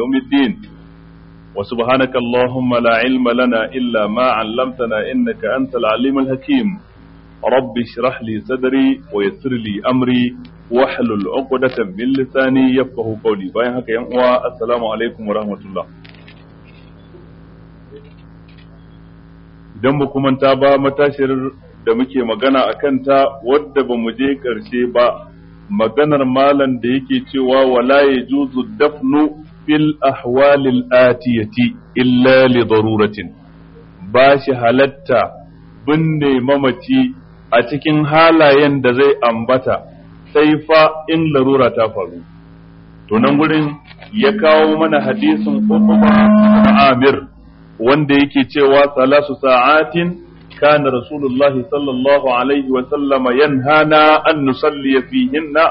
يوم الدين وسبحانك اللهم لا علم لنا إلا ما علمتنا إنك أنت العليم الحكيم رب اشرح لي صدري ويسر لي أمري واحلل عقدة من لساني يفقه قولي باين هكا ينقوى السلام عليكم ورحمة الله idan ba kuma ta ba matashiyar da muke magana a kanta wadda ba mu je ƙarshe ba maganar malam da yake cewa wala ya juzu dafnu fil ahwalil atiyati illali li daruratin ba shi halatta binne mamaci a cikin halayen da zai ambata sai fa in larura ta faru to nan gurin ya kawo mana hadisin Uqba Amir wanda yake cewa salasu sa'atin kana rasulullahi sallallahu alaihi wa sallama yanhana an au fihinna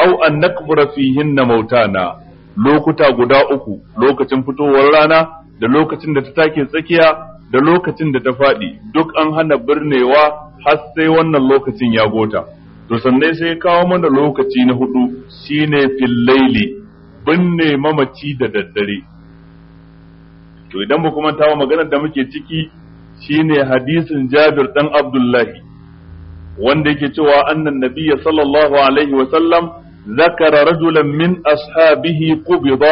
aw an nakbura fihinna na. lokuta guda uku lokacin fitowar rana da lokacin da ta take tsakiya da lokacin da ta faɗi duk an hana birnewa har sai wannan lokacin ya gota to sannan sai ya kawo mana lokaci na hudu shine fillaili binne mamaci da daddare to idan ba kuma ta maganar da muke ciki shine hadisin Jabir dan Abdullahi wanda yake cewa annan nabiyya sallallahu alaihi wa sallam ذكر رجلا من أصحابه قبض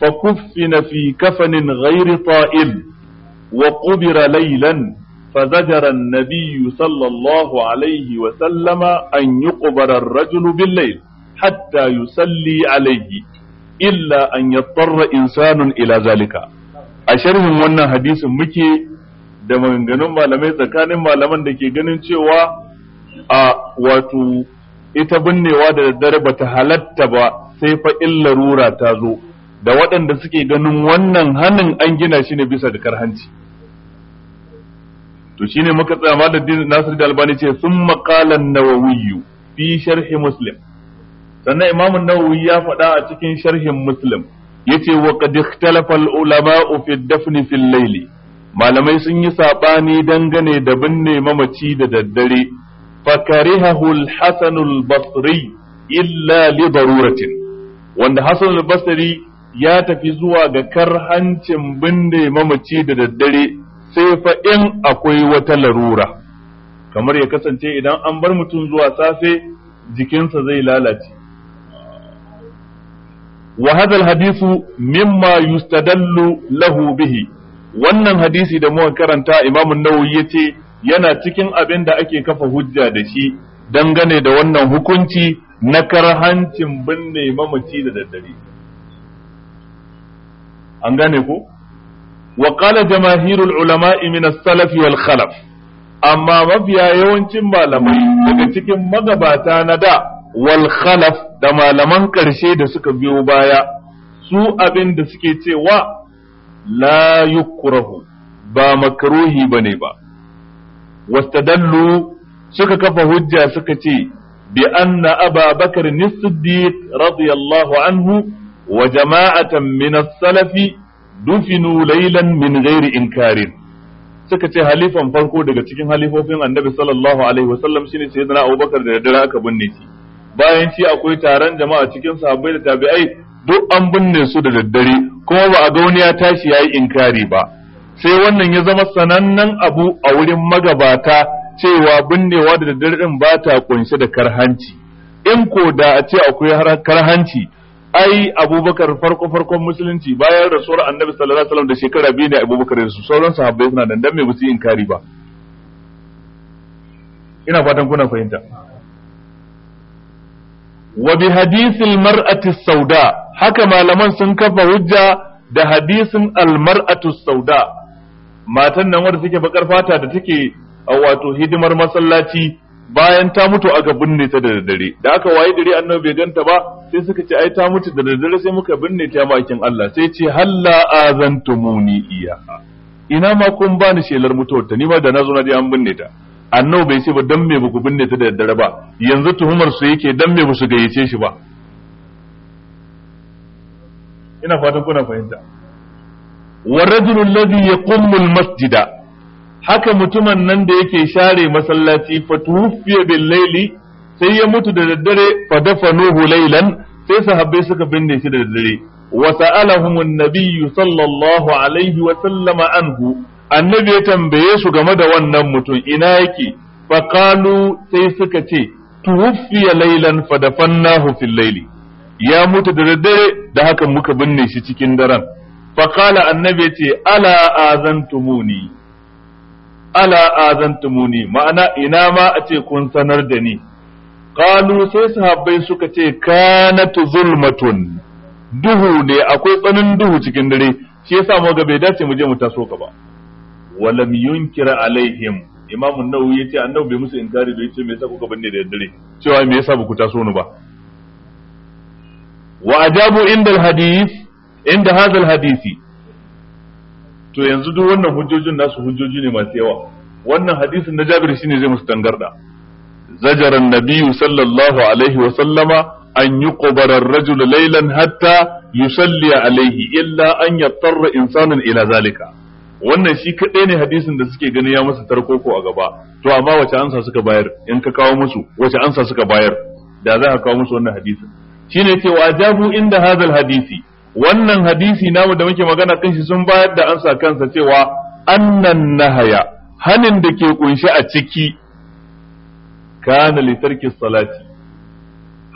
فكفن في كفن غير طائل وقبر ليلا فزجر النبي صلى الله عليه وسلم أن يقبر الرجل بالليل حتى يصلي عليه إلا أن يضطر إنسان إلى ذلك أشرهم وانا حديث مكي da maganganun malamai tsakanin malaman da ke ganin cewa a wato ita binnewa da daddare bata halatta ba sai fa illarura ta zo da waɗanda suke ganin wannan hannun an gina shi ne bisa da karhanci to shine muka tsaya malam Nasir da Albani ce sun maƙalan nawawiyu fi sharhi muslim sannan imamun nawawi ya faɗa a cikin sharhin muslim yace wa qad ikhtalafa ulama fi dafni fil layli malamai sun yi saɓani, dangane da binne mamaci da daddare fakarihahu al-hasan basri illa li wanda Hassanul al-basri ya tafi zuwa ga karhancin binne mamaci da daddare sai fa in akwai wata larura kamar ya kasance idan an bar mutum zuwa safe jikinsa zai lalace wa hadha al-hadithu mimma yustadallu lahu bihi wannan hadisi da muka karanta Imam Nawawi yace yana cikin abin da ake kafa hujja da shi dangane da wannan hukunci na karhancin binne mamaci da daddare an gane ko wa qala jamaahirul ulama'i min as-salaf wal khalaf amma mafiya yawancin malamai daga cikin magabata na da wal khalaf da malaman karshe da suka biyo baya su abin da suke cewa la yukrahu ba makruhi bane ba wastadallu suka kafa hujja suka ce bi anna aba bakar ni siddiq radiyallahu anhu wa jama'atan min as-salafi dufinu laylan min ghairi inkarin suka ce halifan farko daga cikin halifofin annabi sallallahu alaihi wasallam shine sayyidina abubakar da aka binne shi bayan shi akwai taron jama'a cikin sahabbai da tabi'ai duk an binne su da daddare kuma ba a ga wani ya tashi yayi inkari ba sai wannan ya zama sanannen abu a wurin magabata cewa binnewa da daddare din ba ta kunshe da karhanci in ko da a ce akwai karhanci ai abubakar farko farkon musulunci bayan rasuwar annabi sallallahu alaihi wasallam da shekara biyu ne abubakar da su sauran sahabbai suna nan dan me yin kari ba ina fatan kuna fahimta wa bi hadithil mar'ati sauda haka malaman sun kafa hujja da hadisin al mar'atu sauda matan nan wadda suke bakar fata da take a wato hidimar masallaci bayan ta mutu aka binne ta da daddare da aka waye dare annabi bai ganta ba sai suka ce ai ta mutu da daddare sai muka binne ta makin Allah sai ce halla azantumuni iya. ina ma kun bani shelar mutuwar ta ni ma da na zo na je an binne ta annabi bai ce ba dan me baku binne ta da daddare ba yanzu tuhumar su yake dan me busu gayyace shi ba ina fatan kuna fahimta wa rajulun ladhi yaqummul masjida haka mutumin nan da yake share masallaci fatufiya bin laili sai ya mutu da daddare fa dafanuhu lailan, sai sahabbai suka binne shi da daddare wa sa'alahum an sallallahu alaihi wa sallama anhu annabi ya tambaye su game da wannan mutum ina yake fa qalu sai suka ce tuhufiya lailan fa dafannahu fil laili. ya mutu da daddare da haka muka binne shi cikin daren فقال annabi ce ala azantumuni ala azantumuni ma'ana ina ma a ce kun sanar da ni qalu sai suka ce kanat zulmatun duhu ne akwai tsanin duhu cikin dare shi yasa mu ga bai dace mu je mu taso ka ba walam yunkira alaihim imamu nawawi yace annabi bai musu inkari bai ce me yasa kuka banne da dare cewa me yasa ba ku taso ni ba wa ajabu inda hadith inda hadal hadisi to yanzu duk wannan hujjojin nasu hujjoji ne masu yawa wannan hadisin na Jabir shine zai musu tangarda زجر النبي صلى الله عليه وسلم أن يقبر الرجل ليلا حتى يصلي عليه إلا أن يضطر إنسان ila zalika. wannan shi kaɗai ne hadisin da suke gani ya masa tarkoko a gaba to amma wace ansa suka bayar in ka kawo musu wace ansa suka bayar da za a kawo musu wannan hadisin shine cewa jabu inda hadal hadisi wannan hadisi namu da muke magana kan shi sun bayar da ansa kansa cewa annan nahaya hanin da ke kunshi a ciki kana li tarki salati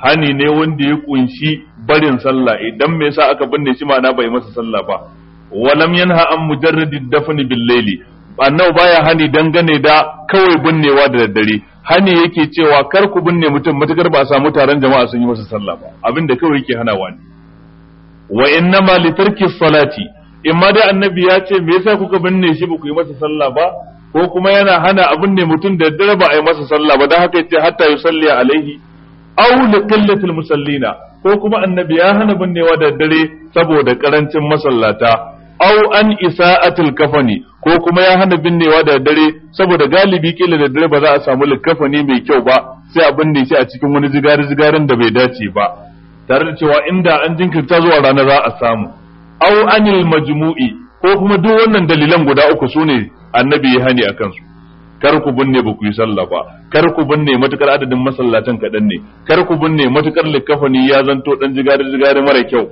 hani ne wanda ya kunshi barin sallah idan me yasa aka binne shi ma'ana bai masa sallah ba walam yanha an mujarradid dafni bil layli annabi baya hani dangane da kawai binnewa da daddare hani yake cewa kar ku binne mutum matukar ba a samu taron jama'a sun yi masa sallah ba abinda kawai yake hanawa ne wa ma li tarki salati in ma dai annabi ya ce me yasa kuka binne shi ba ku yi masa sallah ba ko kuma yana hana abin ne mutum da daddare ba a yi masa sallah ba dan haka yace hatta yusalli alaihi aw li qillati musallina ko kuma annabi ya hana binnewa da daddare saboda karancin masallata aw an isa'atil kafani ko kuma ya hana binnewa da daddare saboda galibi kila da ba za a samu likafani mai kyau ba sai a binne shi a cikin wani zigari zigarin da bai dace ba tare da cewa inda an jinkirta zuwa rana za a samu au anil majmu'i ko kuma duk wannan dalilan guda uku sune annabi ya hani akan su kar ku binne ba ku yi sallah ba kar ku binne matukar adadin masallatan kaɗan ne kar ku binne matukar likafani ya zanto dan jigari jigari mara kyau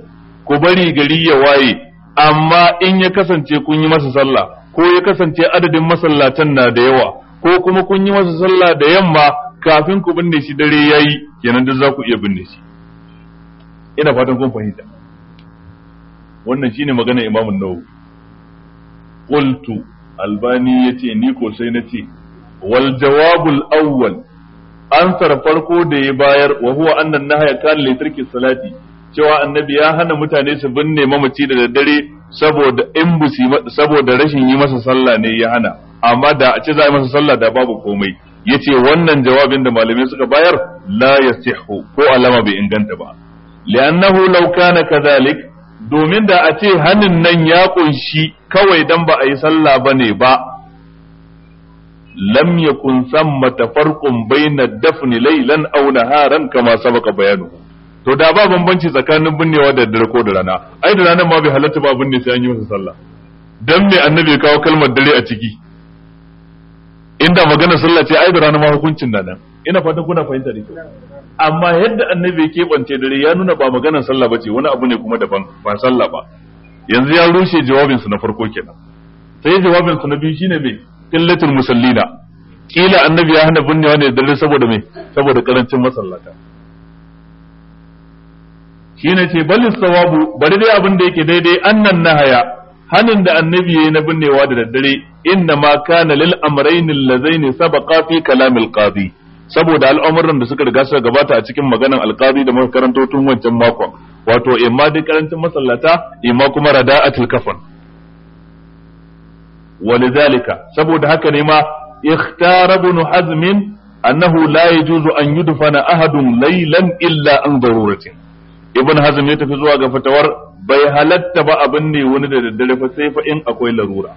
ku bari gari ya waye amma in ya kasance kun yi masa sallah ko ya kasance adadin masallatan na da yawa ko kuma kun yi masa sallah da yamma kafin ku binne shi dare yayi kenan duk za ku iya binne shi ina fatan kun fahimta wannan shine magana imamun nawawi qultu albani yace ni ko sai nace wal jawabul awwal ansar farko da ya bayar wa huwa annan nahaya kan li tarki salati cewa annabi ya hana mutane su binne mamaci da daddare saboda in saboda rashin yi masa sallah ne ya hana amma da a ce za a yi masa sallah da babu komai yace wannan jawabin da malamai suka bayar la yasihu ko alama bai inganta ba li'annahu law kana kadhalik domin da a ce hannun nan ya kunshi kawai dan ba a yi sallah bane ba lam yakun samma tafarqun baina dafni laylan aw naharan kama sabaka bayanu to da ba bambanci tsakanin binnewa da dare ko da rana ai da ranar ma bai halatta ba binne sai an yi masa sallah dan me annabi ya kawo kalmar dare a ciki inda magana sallah ce ai da ranar ma hukuncin nan ina fatan kuna fahimta ne amma yadda annabi ya keɓance dare ya nuna ba maganar sallah ce, wani abu ne kuma daban ba sallah ba yanzu ya rushe jawabinsu na farko kenan sai jawabinsu na biyu shine mai qillatul musallina kila annabi ya hana binne wani dare saboda mai saboda karancin masallata shine ce balin sawabu bari dai abin da yake daidai annan nahaya hanin da annabi yi na binnewa da daddare inna ma kana lil amrayn allazaini sabaqa fi kalamil qadi saboda al'amuran da suka riga suka gabata a cikin maganan alqazi da muka karanto tun wancan makon wato imma dai karancin masallata imma kuma rada'atul kafan walidhalika saboda haka ne ma ikhtara ibn hazm annahu la yajuzu an yudfana ahadun lailan illa an daruratin ibn hazm ya tafi zuwa ga fatawar bai halatta ba abin ne wani da daddare fa sai fa in akwai larura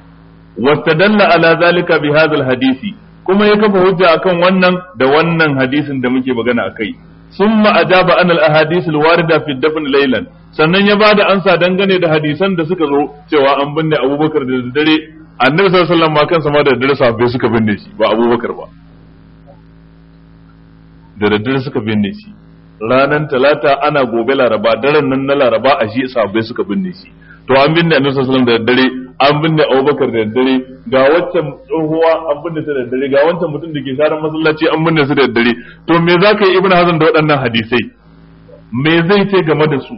dan ala zalika bi hadha alhadisi kuma ya kafa hujja akan wannan da wannan hadisin da muke magana akai summa ajaba an al ahadith al warida fi dafn laylan sannan ya bada ansa dangane da hadisan da suka zo cewa an binne Abubakar da dare annabi sallallahu alaihi wasallam ma kansa ma da dare sahabbai suka binne shi ba Abubakar ba da daddare suka binne shi Ranan talata ana gobe laraba daren nan na laraba a shi sahabbai suka binne shi to an binne annabi sallallahu alaihi wasallam da daddare an binne Abubakar da daddare ga waccan tsohuwa an binne su da daddare ga wancan mutum da ke sharan masallaci an binne su da daddare to me za ka yi ibn hazan da waɗannan hadisai me zai ce game da su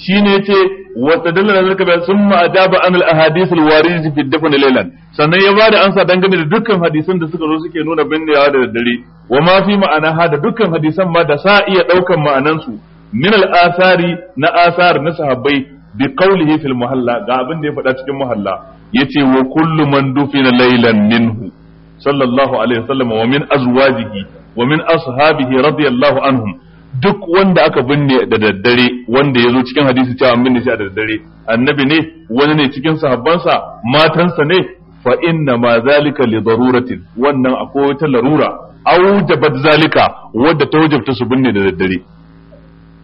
shine yace wa tadalla zalika bi summa ajaba an al ahadith al warid fi dafn laylan sannan ya ba da ansa dangane da dukkan hadisan da suka zo suke nuna binnewa da daddare wa ma fi ma'ana da dukkan hadisan ma da sa iya daukan ma'anan su min al asari na asar na sahabbai bi qawlihi fil muhalla ga abinda ya faɗa cikin muhalla ce wa kullu man dufina laylan minhu sallallahu alaihi wasallam wa min azwajihi wa min ashabihi radiyallahu anhum duk wanda aka binne da daddare wanda ya zo cikin hadisi cewa an binne shi a daddare annabi ne wani ne cikin sahabbansa matansa ne fa inna ma zalika li wannan akwai wata larura aujabat zalika wadda ta wajabta su binne da daddare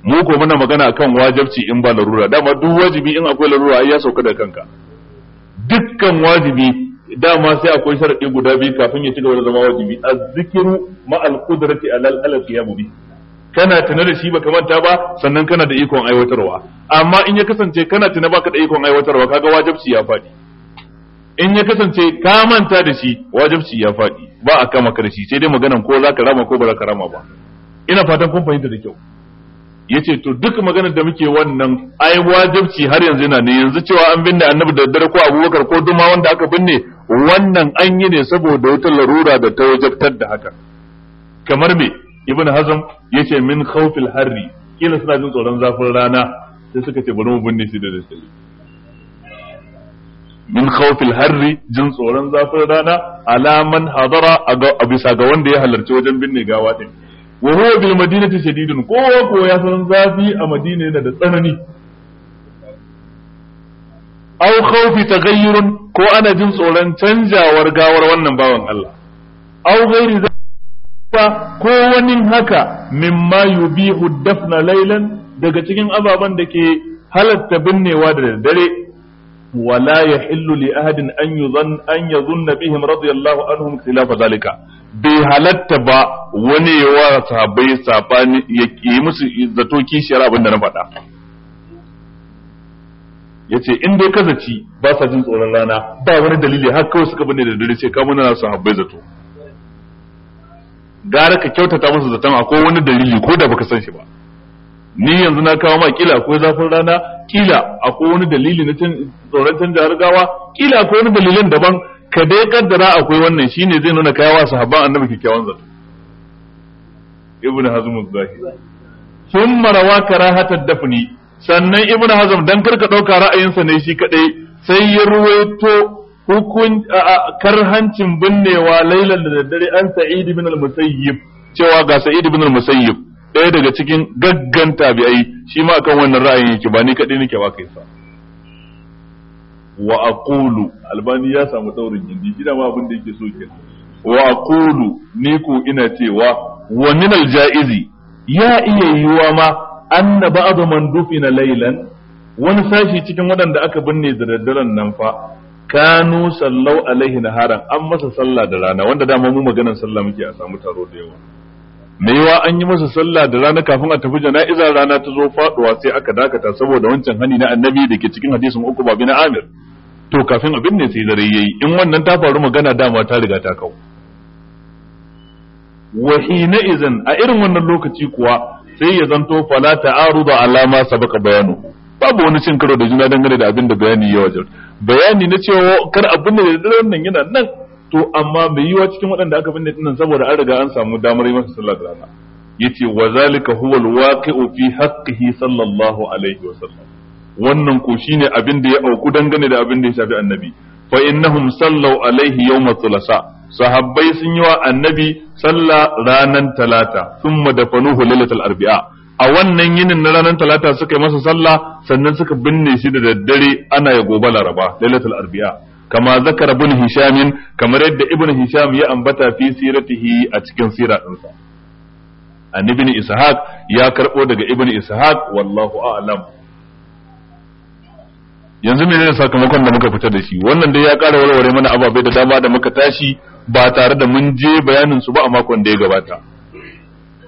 mu ko muna magana akan wajibci in ba larura dama duk wajibi in akwai larura ai ya sauka da kanka dukkan wajibi dama sai akwai sharadi guda biyu kafin ya ci gaba da zama wajibi azzikiru ma alqudrati alal ya bi kana tana da shi baka manta ba sannan kana da ikon aiwatarwa amma in ya kasance kana tana baka da ikon aiwatarwa kaga wajibci ya fadi in ya kasance ka manta da shi wajibci ya fadi ba a kama ka da shi sai dai maganan ko zaka rama ko ba za ka rama ba ina fatan kun fahimta da kyau yace to duk maganar da muke wannan ai wajibci har yanzu yana ne yanzu cewa an binne annabi da daddare ko abubakar ko duma wanda aka binne wannan an yi ne saboda wata larura da ta wajabtar da haka kamar me ibn hazm yace min khawfil harri kila suna jin tsoron zafin rana sai suka ce bari mu binne shi da dare. min khawfil harri jin tsoron zafin rana alaman hadara a bisa ga wanda ya halarci wajen binne gawa din wa huwa bil madinati shadidun kowa ko ya san zafi a madina yana da tsanani aw khawfi taghayyurun ko ana jin tsoron canjawar gawar wannan bawan Allah aw ghairi zalika ko wani haka mimma yubihu dafna laylan daga cikin ababen da ke halatta binnewa da daddare wala يحل لأحد أن يظن أن يظن بهم رضي الله عنهم خلاف ذلك bai halatta ba wani ya wa sahabbai sabani ya yi musu zato kishiyar abin da na faɗa ya ce in dai kazaci ba sa jin tsoron rana ba wani dalili har kawai suka bane da dare sai ka muna sahabbai zato gara ka kyautata musu zaton akwai wani dalili ko da baka san shi ba ni yanzu na kawo ma kila akwai zafin rana kila akwai wani dalili na tsoron canja gawa, kila akwai wani dalilin daban ka dai kaddara akwai wannan shine zai nuna wa sahabban annabi kikkiawan zato ibnu hazm zahi thumma rawa karahata dafni sannan ibnu hazm dan karka dauka ra'ayin sa ne shi kadai sai ya ruwaito hukun karhancin binnewa lailan da daddare an sa'id ibn al-musayyib cewa ga sa'id ibn al-musayyib ɗaya daga cikin gaggan tabi'ai shi ma akan wannan ra'ayin yake ba ni kadai nake ba kai sa wa aqulu albani ya samu daurin gindi gida ma abin da yake so ke wa aqulu ni ko ina cewa wa min aljaizi ya iya yiwa ma anna ba'd man dufina laylan wani sashi cikin waɗanda aka binne da daddaren nan fa kanu sallau alaihi naharan an masa sallah da rana wanda dama mu maganar sallah muke a samu taro da yawa me yawa an yi masa sallah da rana kafin a tafi jana'iza rana ta zo faɗuwa sai aka dakata saboda wancan hani na annabi da ke cikin hadisin uku babi na amir to kafin abin ne sai dare yayi in wannan ta faru magana dama ta riga ta kawo na izan a irin wannan lokaci kuwa sai ya zanto fala da alama sabaka bayanu babu wani cin karo da juna dangane da abin da bayani ya wajen bayani na cewa kar abin da daren nan yana nan to amma mai yiwa cikin waɗanda aka binne dinnan saboda an riga an samu damar yi masa sallar rana yace wa zalika huwa alwaqi'u fi haqqihi sallallahu alaihi wa sallam wannan ko shine abin da ya auku dangane da abin da ya shafi annabi fa innahum sallau alaihi yawma thulasa sahabbai sun yi wa annabi sallah ranar talata thumma dafanuhu lailatul arbi'a a wannan yinin na ranar talata suka yi masa sallah sannan suka binne shi da daddare ana ya gobe laraba lailatul arbi'a kama ذكر ابن هشام kamar yadda ibn hisham ya ambata fi siratihi a cikin sira dinsa an ibn ishaq ya karbo daga ibn ishaq wallahu a'lam yanzu menene sakamakon da muka fita da shi wannan dai ya ƙara warware mana ababe da dama da muka tashi ba tare da mun je bayanin su ba a makon da ya gabata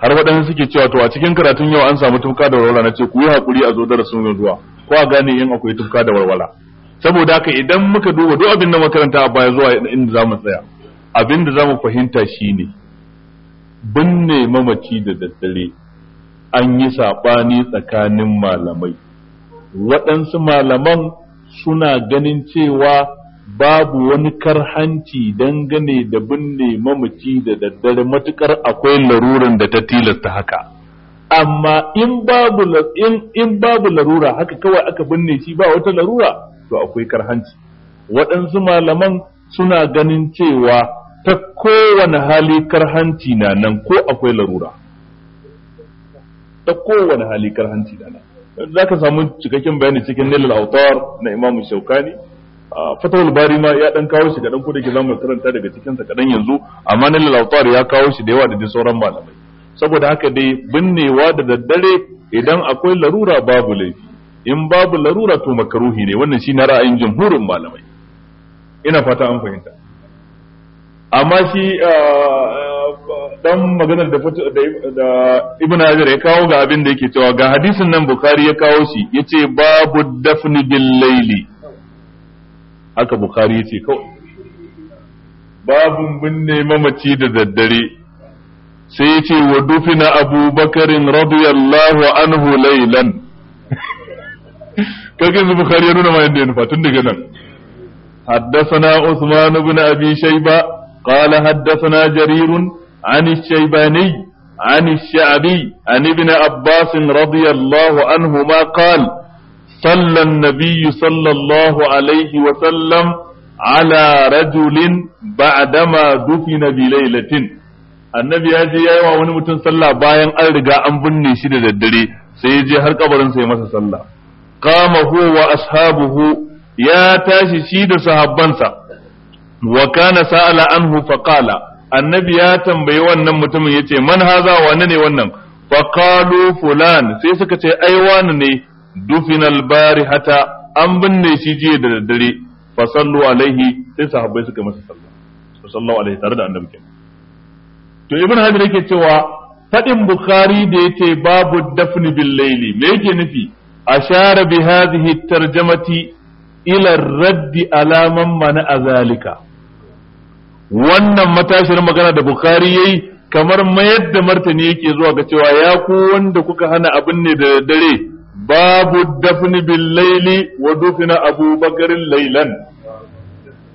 har waɗansu suke cewa to a cikin karatun yau an samu tufka da warwala na ce ku yi hakuri a zo darasin zuwa ko a gane in akwai tufka da warwala saboda haka idan muka duba duk abin da makaranta a baya zuwa inda za mu tsaya abin da za mu fahimta shine binne mamaci da daddare an yi saɓani tsakanin malamai waɗansu malaman suna ganin cewa babu wani karhanci gane da binne mamaci da daddare matukar akwai laruran da ta tilasta haka amma in babu larura haka kawai aka binne shi ba wata larura to akwai karhanci waɗansu malaman suna ganin cewa ta kowane hali karhanci na nan ko akwai larura ta kowane hali karhanci na nan za ka samu cikakken bayani cikin nilal autar na imamu shaukani fatawul bari ma ya ɗan kawo shi kaɗan, ko da ke zamu karanta daga cikinsa sa yanzu amma nilal autar ya kawo shi da yawa da sauran malamai saboda haka dai binnewa da daddare idan akwai larura babu laifi in babu larura to makaruhi ne wannan shi na ra'ayin jamhurin malamai ina fata an fahimta amma shi ah, ah, dan maganar da ibn hajar ya kawo ga abin da yake cewa ga hadisin nan bukhari ya kawo shi Ya ce babu dafni bin laili haka bukhari ce kawai babun binne mamaci da daddare sai ya ce wa dufina abubakarin radiyallahu anhu laylan kaga yanzu bukhari ya nuna ma yadda ya tun daga nan حدثنا عثمان بن أبي شيبة قال حدثنا جرير عن الشيباني عن الشعبي عن ابن عباس رضي الله عنهما قال صلى النبي صلى الله عليه وسلم على رجل بعدما دفن بليلة annabi ya je yi wa wani mutum sallah bayan an riga an binne shi da daddare sai ya je har kabarin sai masa sallah qama huwa wa ashabuhu ya tashi shi da sahabbansa wa kana sa'ala anhu fa annabi ya tambayi wannan mutumin yace man haza wani ne wannan fa qalu fulan sai suka ce ai wani ne dufinal barihata an binne shi jiya da daddare alaihi sai sahabbai suka masa sallah tare da to ibn hajar yake cewa fadin bukhari da yace babu dafni bil laili me yake nufi share bi hitar jamati, ila raddi ala man mana azalika wannan matashin magana da bukhari yayi kamar mayar da martani yake zuwa ga cewa ya ku wanda kuka hana abin ne da dare babu dafni bil laili wa dufina abu bakarin lailan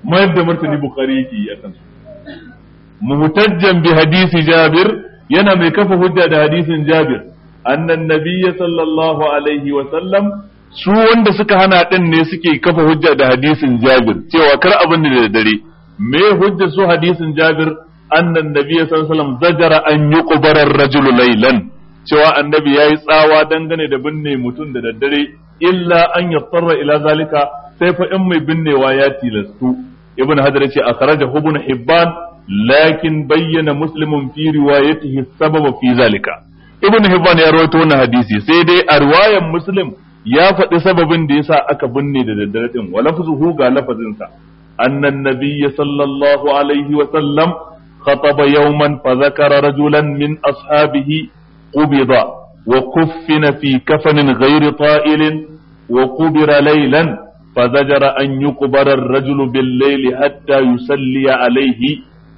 mayar da martani bukhari yake yi akan su bi hadisi jabir yana mai kafa hujja da hadisin jabir annan nabiyya sallallahu alaihi wa sallam su wanda suka hana din ne suke kafa hujja da hadisin Jabir cewa kar abin da dare me hujja su hadisin Jabir annan nabiyya sallallahu alaihi wa sallam zajara an yi ar-rajulu laylan cewa annabi yayi tsawa dangane da binne mutum da daddare illa an yattarra ila zalika sai fa in mai binnewa ya tilastu ibn ce a karaja hubun hibban lakin bayyana muslimun fi riwayatihi sababa fi zalika ibn hibban ya rawaito wannan hadisi sai dai a riwayan muslim ya faɗi sababin da yasa aka binne da daddare din wa lafzuhu ga lafazin sa annan nabiyyi sallallahu alaihi wa sallam khataba yawman fa zakara rajulan min ashabihi qubida wa kuffina fi kafanin ghairi ta'ilin wa qubira laylan فزجر أن يقبر الرجل بالليل حتى يصلي عليه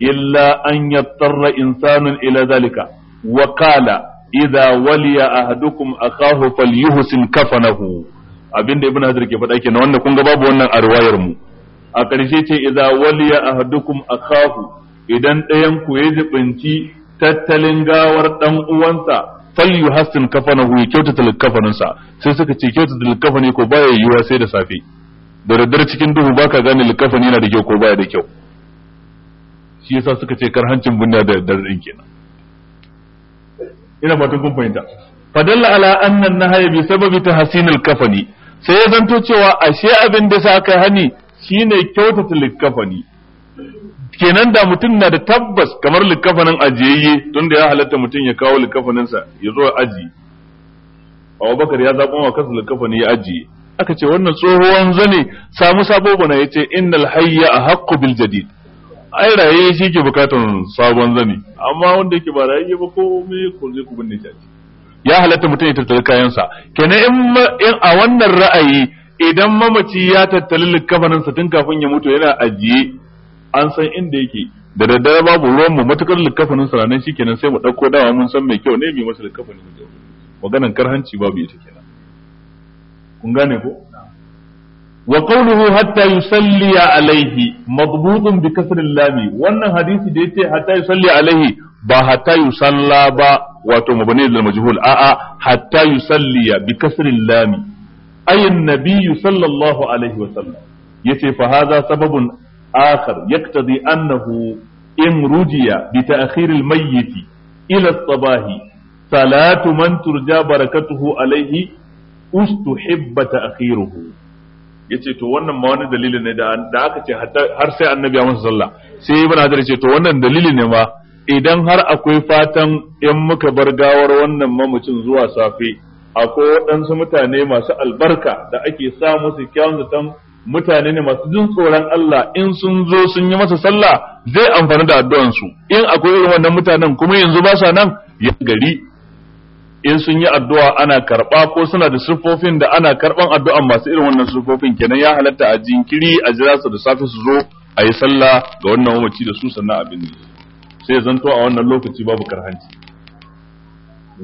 إلا أن يضطر إنسان إلى ذلك wakala. idza waliya ahadukum akahu falyuhsin kafanahu abinda ibnu hajar ke faɗa kenan wanda kun ga babu wannan a riwayar mu a ƙarshe ce idza waliya ahadukum akahu idan ɗayan ku ya jibinci tattalin gawar dan uwansa falyuhsin kafanahu ya kyautata likafaninsa sai suka ce kyautata kafani ko baya yiwuwa sai da safe da radar cikin duhu baka gane likafani yana da kyau ko baya da kyau shi yasa suka ce kar hancin bunna da daddare kenan ina fatan kun fahimta fadalla ala anna nahaya bi sababi tahsinil kafani sai ya zanto cewa ashe abin da sa aka hani shine kyautata likafani kenan da mutum na da tabbas kamar likafanin ajiyayye tunda ya halatta mutum ya kawo likafaninsa ya zo aji Abubakar ya zaɓa wa kansa likafani ya ajiye aka ce wannan tsohuwan zane samu sabo bana yace innal hayya a bil jadid ai raye shi ke bukatan sabon zani amma wanda yake ba raye ba ko me ko zai ku binne shi ya halatta mutum ya tattali kayansa kenan in a wannan ra'ayi idan mamaci ya tattali likafaninsa tun kafin ya mutu yana ajiye an san inda yake da daddare babu ruwan mu matukar likafanin sa nan shikenan sai mu dauko dawa mun san mai kyau ne mai masa likafanin mu maganan karhanci babu ita kenan kun gane ko wa qawluhu hatta yusalli alaihi madbutun bi kasril Lami. wannan hadisi da yace hatta yusalli alaihi ba hatta yusalla ba wato mabni lil majhul a a hatta yusalli bi kasril Lami. ay an-nabiy sallallahu alaihi wa sallam yace fa hadha sababun akhar yaqtadi annahu in rujiya bi ta'khir al-mayyit ila as-sabah salatu man turja barakatuhu alaihi ustuhibba ta'khiruhu yace to wannan ma wani dalili ne da aka ce har sai annabi ya masa sallah sai ibn hajar ce to wannan dalili ne ma idan har akwai fatan 'yan muka bar gawar wannan mamacin zuwa safe akwai waɗansu mutane masu albarka da ake sa musu kyanzutan mutane ne masu jin tsoron Allah in sun zo sun yi masa sallah zai amfani da addu'ansu in akwai irin wannan mutanen kuma yanzu ba sa nan ya gari in sun yi addu'a ana karɓa ko suna da siffofin da ana karɓan addu'an masu irin wannan siffofin kenan ya halatta a jinkiri a jira su da safe su zo a yi sallah ga wannan mamaci da su sannan abin ne sai zanto a wannan lokaci babu karhanci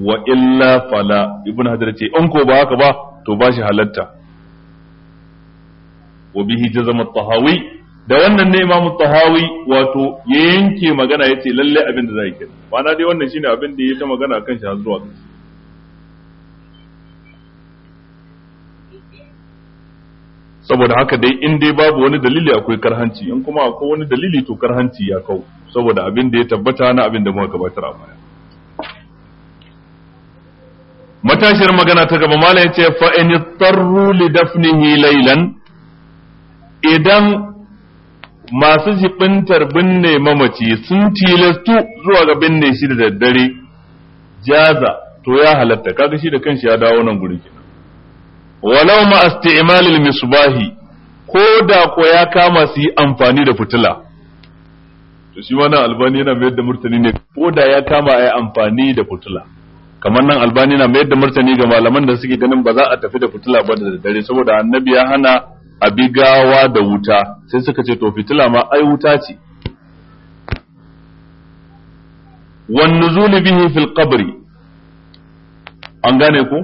wa illa fala ibn hajar ce in ko ba haka ba to ba shi halatta wa bihi jazama tahawi da wannan ne imamu tahawi wato ya yanke magana ya ce lalle abin da zai kenan na dai wannan shine abin da ya ta magana kan shi har zuwa ƙarshe saboda haka dai in dai babu wani dalili akwai karhanci in kuma akwai wani dalili to karhanci ya kau saboda abin da ya tabbata na abin da muka gabatar a baya matashiyar magana ta gaba malam yace fa in tarru li dafnihi laylan idan masu jibintar binne mamaci sun tilastu zuwa ga binne shi da daddare jaza to ya halatta kaga shi da kanshi ya dawo nan gurin walau ma isti'malil misbahi ko da ko ya kama su yi amfani da fitila to shi wannan albani yana mayar da martani ne ko da ya kama a yi amfani da fitila kamar nan albani yana mayar da martani ga malaman da suke ganin ba za a tafi da fitila ba da dare saboda annabi ya hana abigawa da wuta sai suka ce to fitila ma ai wuta ce wan nuzul bihi fil qabri an gane ko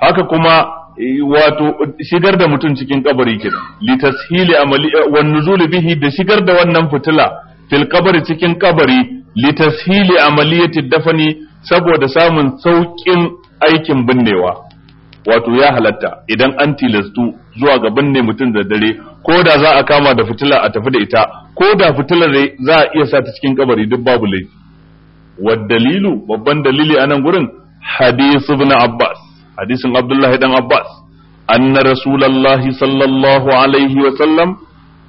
haka kuma e, wato shigar da mutum cikin kabari kenan li tashili amali e, wan nuzul bihi da shigar da wannan fitila fil kabari cikin kabari li tashili amaliyati dafani saboda samun saukin aikin binnewa wato ya halatta idan an tilastu zuwa ga binne mutum da dare ko da za a kama da fitila a tafi da ita ko da fitilar za a iya sa ta cikin kabari duk babu laifi wa dalilu babban dalili a nan gurin hadith ibn abbas hadisin abdullahi dan abbas anna rasulullahi sallallahu alaihi wa sallam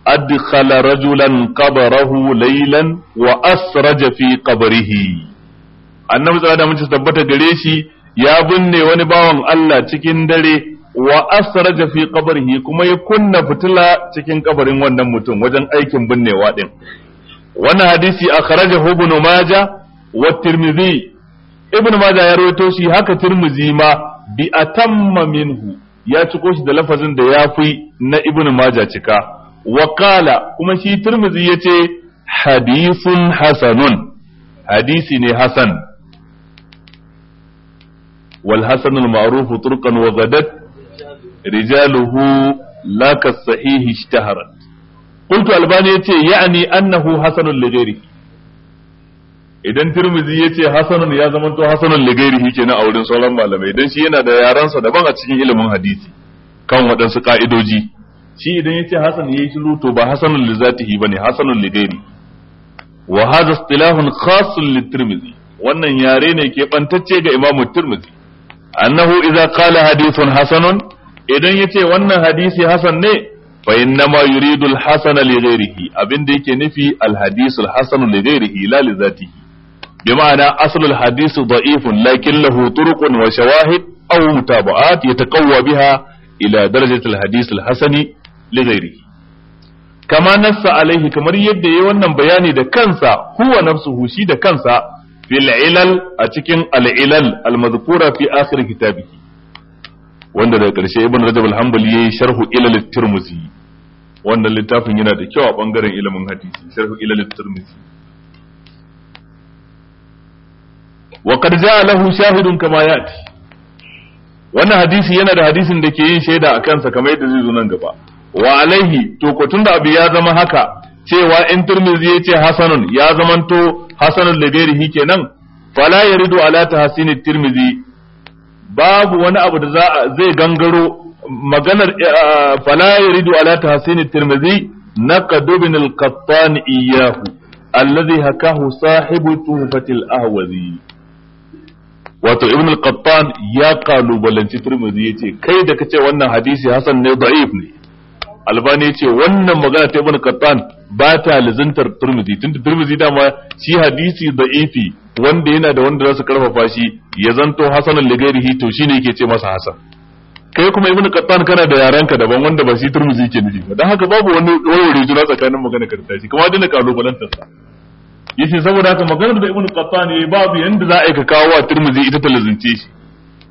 adkhala rajulan qabrahu laylan wa asraja fi qabrihi annabi sallallahu alaihi wasallam tabbata gare shi ya binne wani bawan Allah cikin dare wa asraja fi qabrihi kuma ya kunna fitila cikin kabarin wannan mutum wajen aikin binnewa din wannan hadisi akhrajahu ibn majah wa tirmidhi ibn majah ya rawaito shi haka tirmidhi ma bi atamma minhu ya ciko shi da lafazin da ya fi na ibnu maja cika wa kuma shi ya yace hadisin hasanun hadisi ne hasan wal hasan al ma'ruf turqan wa gadat rijaluhu la sahihi ishtaharat qultu albani yace ya'ni annahu hasanun li ghairihi idan tirmizi ya ce hasanun ya zamanto hasanun ligairihi kenan a wurin sauran malamai dan shi yana da yaransa daban a cikin ilimin hadisi kan waɗansu ka'idoji shi idan ya ce hasan ya yi shiru to ba hasanun lizatihi ba ne hasanun ligairi wa hada istilahun khasun litirmizi wannan yare ne ke bantacce ga imamu tirmizi annahu idza qala hadithun hasanun idan ya ce wannan hadisi hasan ne fa innama yuridu al-hasana li ghairihi abinda yake nufi al-hadith al-hasan li ghairihi la li zatihi bima'ana aslul hadisu da'ifun lakin lahu turuqun wa shawahid aw mutaba'at ta biha ila darajati al-hadis al-hasani li ghairihi kama nassa alaihi kamar yadda yayi wannan bayani da kansa huwa nafsuhu da kansa fil ilal a cikin al-ilal fi akhir kitabihi wanda daga karshe ibn rajab al-hanbali yayi sharhu ilal tirmizi wannan littafin yana da kyau a bangaren ilimin hadisi sharhu ilal tirmizi wa qad ja'a lahu shahidun kama yati wannan hadisi yana da hadisin da ke yin shaida a kansa kamar yadda zai zo nan gaba wa alaihi to ko tunda abu ya zama haka cewa in turmizi ya ce hasanun ya zamanto hasanun labirihi kenan fala yaridu ala tahsini tirmizi babu wani abu da zai gangaro maganar eh, fala yaridu ala tahsini tirmizi نقد بن القطان iyyahu الذي hakahu sahibu توفة ahwazi wato ibn al-qattan ya kalubalanci turmizi yace kai da kace wannan hadisi hasan ne da'if ne albani yace wannan magana ta ibn qattan ba ta lazantar turmizi tunda turmizi dama shi hadisi da'ifi wanda yana da wanda zasu karfafa shi ya zanto hasan al ghairihi to shine yake ce masa hasan kai kuma ibn al qattan kana da yaranka daban wanda ba shi turmizi yake nufi ba dan haka babu wani wani juna tsakanin magana karta shi kuma dina kalubalantar sa yace saboda haka maganar da ibnu qattan yayi babu yanda za a yi ka kawo wa turmuzi ita ta lazunce shi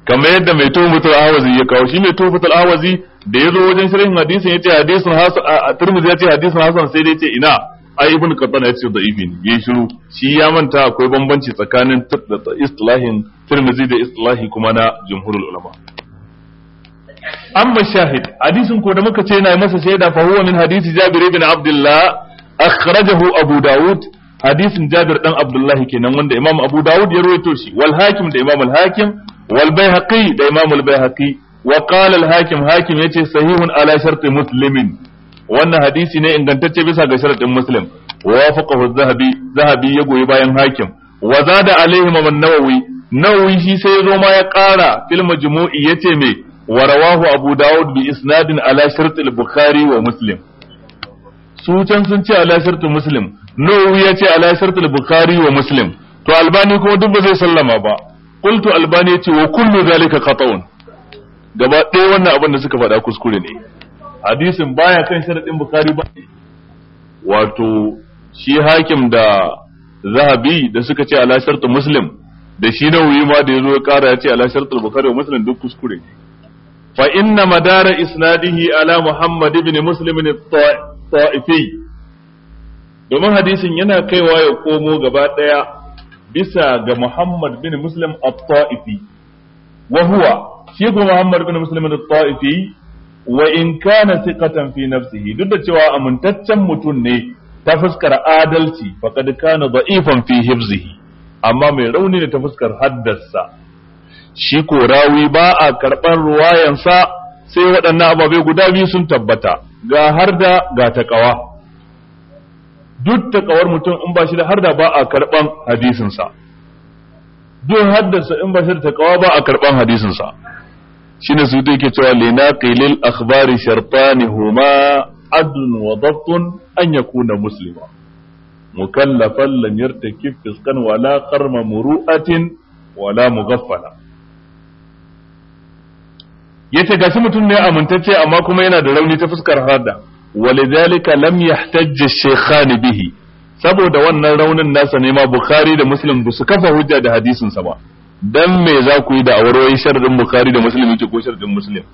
kamar yadda mai tuhfatul awazi ya kawo shi mai tuhfatul awazi da ya zo wajen sharhin hadisin yace hadisin hasan turmuzi yace hadisin hasan sai dai yace ina ai ibn qattan yace da'ifi ne yayi shiru shi ya manta akwai bambanci tsakanin istilahin turmuzi da istilahi kuma na jumhurul ulama amma shahid hadisin ko da muka ce yana masa shaida fa huwa min hadisi jabir ibn abdullah akhrajahu abu daud hadisin Jabir dan Abdullah kenan wanda Imam Abu Dawud ya rawaito shi wal Hakim da Imam al-Hakim wal Baihaqi da Imam al-Baihaqi wa qala al-Hakim Hakim yace sahihun ala sharti muslimin wannan hadisi ne ingantacce bisa ga sharadin Muslim wa wafaqahu zahabi Zahabi ya goyi bayan Hakim wa zada alaihi man Nawawi Nawawi shi sai zo ma ya ƙara fil majmu'i yace me wa rawahu Abu Dawud bi isnadin ala shartil bukhari wa Muslim su can sun ce ala shartu muslim nawawi ya ce ala shartu bukhari wa muslim to albani kuma duk ba zai sallama ba qultu albani ya ce wa kullu zalika qata'un gaba ɗaya wannan abin da suka faɗa kuskure ne hadisin baya kan sharadin bukhari ba wato shi hakim da zahabi da suka ce ala shartu muslim da shi nawawi ma da yazo ya kara ya ce ala shartu bukhari wa muslim duk kuskure ne fa inna madara isnadihi ala muhammad ibn muslim at ta'ifi domin hadisin yana kaiwa ya komo gaba ɗaya bisa ga Muhammad bin Muslim at-Ta'ifi wa huwa shi kuma Muhammad bin Muslim at-Ta'ifi wa in kana thiqatan fi nafsihi duk da cewa amintaccen mutum ne ta fuskar adalci faqad kana da'ifan fi hifzihi amma mai rauni ne ta fuskar haddasa shi ko rawi ba a karban ruwayansa sai waɗannan ababe guda biyu sun tabbata ga harda ga taqawa duk taqawar mutum in ba shi da harda ba a karban hadisinsa, duk haddasa in ba shi da taqawa ba a karban hadisin sa shine su yake cewa linaqilil akhbari shartani huma adl wa dabt an yakuna muslima mukallafan lam yartakib fisqan wala qarma muru'atin wala mughaffala yace gashi mutum ne amintacce amma kuma yana da rauni ta fuskar hada walidhalika lam yahtajj shaykhan bihi saboda wannan raunin nasa ne ma bukhari da muslim ba su kafa hujja da hadisin sa ba dan me za ku yi da awarwayin sharrin bukhari da muslim yake ko sharrin muslim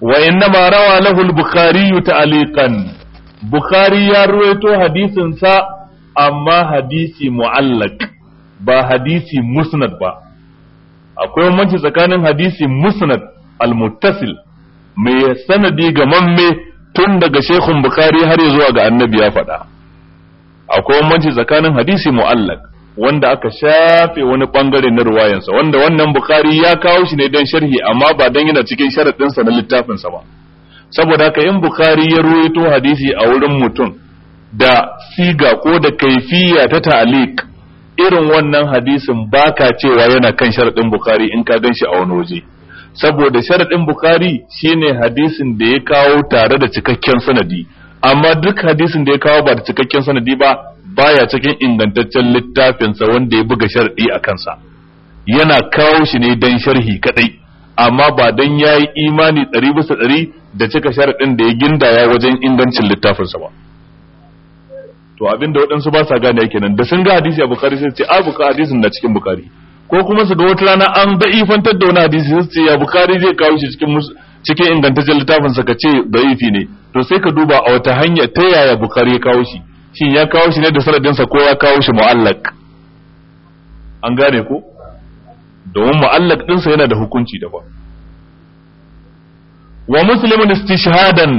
wa inna ma rawa lahu al-bukhari ta'liqan bukhari ya ruwaito hadisin sa amma hadisi mu'allaq ba hadisi musnad ba akwai bambanci tsakanin hadisi musnad almuttasil mai sanadi ga mamme tun daga shekun bukari har zuwa ga annabi ya faɗa akwai manci tsakanin hadisi mu'allak wanda aka shafe wani bangare na ruwayansa wanda wannan bukari ya kawo shi ne don sharhi amma ba don yana cikin sharaɗinsa na littafinsa ba saboda haka in bukari ya ruwaito hadisi a wurin mutum da siga ko da kaifiya ta ta'aliq irin wannan hadisin baka cewa yana kan sharaɗin bukari in ka gan shi a wani waje saboda sharaɗin bukari shine hadisin da ya kawo tare da cikakken sanadi amma duk hadisin da ya kawo ba da cikakken sanadi ba baya cikin ingantaccen littafinsa wanda ya buga sharaɗi a kansa yana kawo shi ne dan sharhi kadai amma ba dan yayi imani ɗari bisa ɗari da cika sharaɗin da ya gindaya wajen ingancin littafinsa ba to abinda waɗansu ba sa gane kenan da sun ga hadisi a bukari sai ce a ah, buka hadisin na cikin bukari ko kuma su ga wata rana an ifantar da wani hadisi sai ce ya bukari zai kawo shi cikin cikin ingantaccen littafin sa kace ce ne to sai ka duba a wata hanya ta yaya bukari ya kawo shi shin ya kawo shi ne da sanadin sa ko ya kawo shi mu'allaq an gane ko domin mu'allaq din sa yana da hukunci daban wa muslimun istishhadan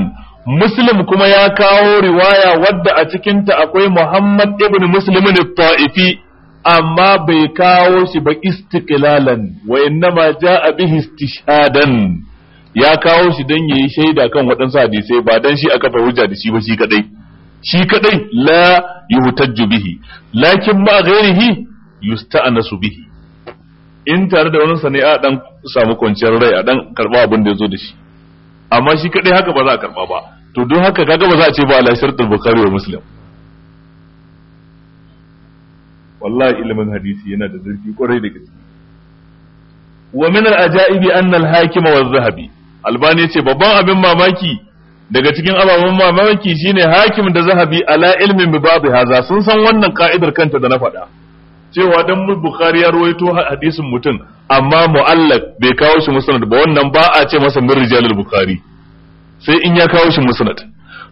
muslim kuma ya kawo riwaya wadda a cikinta akwai muhammad ibn muslimin at-ta'ifi amma bai kawo shi ba istiqlalan wa innama jaa bihi istishadan ya kawo shi dan yayi shaida kan waɗansu hadisai ba dan shi aka fa hujja da shi ba shi kadai shi kadai la yuhtajju bihi lakin ma ghairihi yusta'nasu bihi in tare da wannan ne a dan samu kwanciyar rai a dan karba abin da yazo da shi amma shi kadai haka ba za a karba ba to don haka kaga ba za a ce ba ala shartul bukhari wa muslim wallahi ilimin hadisi yana da zurfi kwarai da gaske wa min al-ajaibi anna al-hakim wa zahabi albani yace babban abin mamaki daga cikin ababen mamaki shine hakim da zahabi ala ilmin bi babu haza sun san wannan ka'idar kanta da na faɗa cewa dan bukhari ya rawaito hadisin mutum amma mu'allaf bai kawo shi musnad ba wannan ba a ce masa min rijalul bukhari sai in ya kawo shi musnad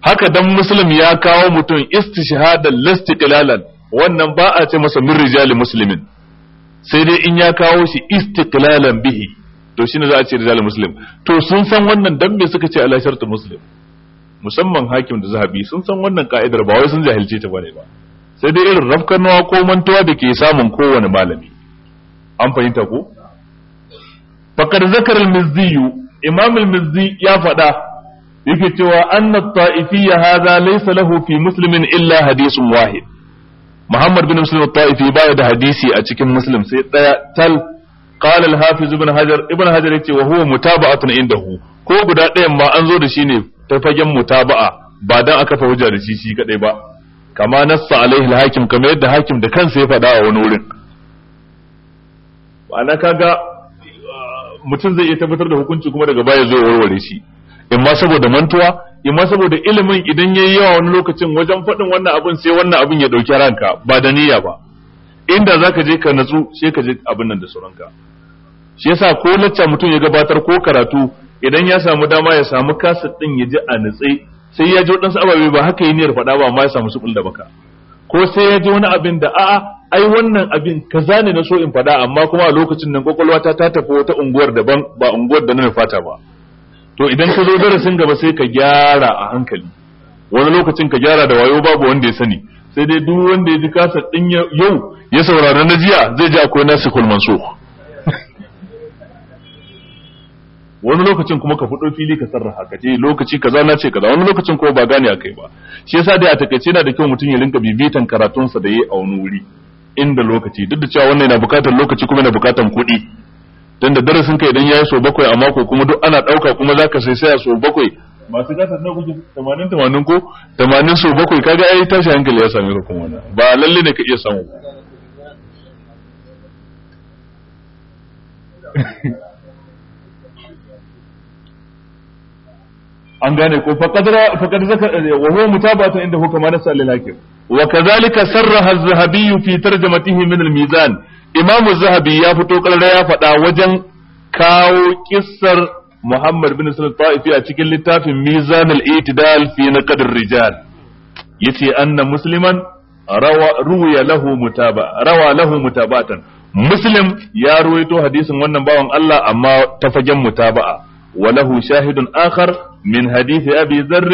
haka dan muslim ya kawo mutum istishhadan lastiqlalan wannan ba a ce masa min rijali muslimin sai dai in ya kawo shi istiqlalan bihi to shine za a ce rijali muslim to sun san wannan dan me suka ce ala shartu muslim musamman hakim da zahabi sun san wannan ka'idar ba wai sun jahilce ta bane ba sai dai irin rafkanawa ko mantuwa da ke samun kowane malami an fahimta ko fakar zakar al-mizzi imam al-mizzi ya faɗa yake cewa anna ta'ifiyya hadha laysa lahu fi muslimin illa hadithun wahid Muhammad bin Muslim al-Ta'ifi baya da hadisi a cikin Muslim sai daya tal qala al-Hafiz ibn Hajar ibn Hajar yace wa tunanin da indahu ko guda ɗayan ma an zo da shi ne ta fagen mutaba'a ba dan aka fa hujja da shi shi kadai ba kama nassa alaihi al-hakim kamar yadda hakim da kansa ya faɗa a wani wurin ana kaga mutum zai iya tabbatar da hukunci kuma daga baya zo warware shi in ma saboda mantuwa imma saboda ilimin idan ya yi yawa wani lokacin wajen faɗin wannan abin sai wannan abin ya ɗauki ranka ba da niyya ba inda zaka je ka natsu sai ka je abin nan da sauranka shi yasa ko lacca mutum ya gabatar ko karatu idan ya samu dama ya samu kaset ɗin ya ji a natse sai ya ji waɗansu ababe ba haka yi niyyar faɗa ba amma ya samu su da baka ko sai ya ji wani abin da a'a ai wannan abin kaza ne na so in faɗa amma kuma a lokacin nan kwakwalwata ta tafi wata unguwar daban ba unguwar da na fata ba to idan ka zo darasin gaba sai ka gyara a hankali wani lokacin ka gyara da wayo babu wanda ya sani sai dai duk wanda ya ji kasar din yau ya saurara na jiya zai ji akwai nasikul mansukh wani lokacin kuma ka fito fili ka sarrafa ka ce lokaci kaza na ce kaza wani lokacin kuma ba gane akai ba shi yasa dai a takaice yana da kyau mutum ya rinka bibitan karatunsa da yi a wani wuri inda lokaci duk da cewa wannan yana bukatar lokaci kuma yana bukatar kuɗi da darasin ka idan yayi so bakwai a mako kuma duk ana dauka kuma zaka sai sai so bakwai masu gasar na guji tamanin tamanin ko tamanin so bakwai kaga ai tashi hankali ya sami ka kuma wannan ba lalle ne ka iya samu an gane ko faqadra faqad zaka wa huwa mutabatan inda hukama na sallil hakim az-zahabi fi tarjamatihi min al mizan? imamu zahabi ya fito karara ya faɗa wajen kawo kissar muhammad bin sulaiman ta'ifi a cikin littafin mizan al-itidal fi naqd rijal yace anna musliman rawa ruwiya lahu mutaba rawa lahu mutabatan muslim ya ruwaito hadisin wannan bawan Allah amma ta fagen mutaba'a wa lahu shahidun akhar min hadisi abi dharr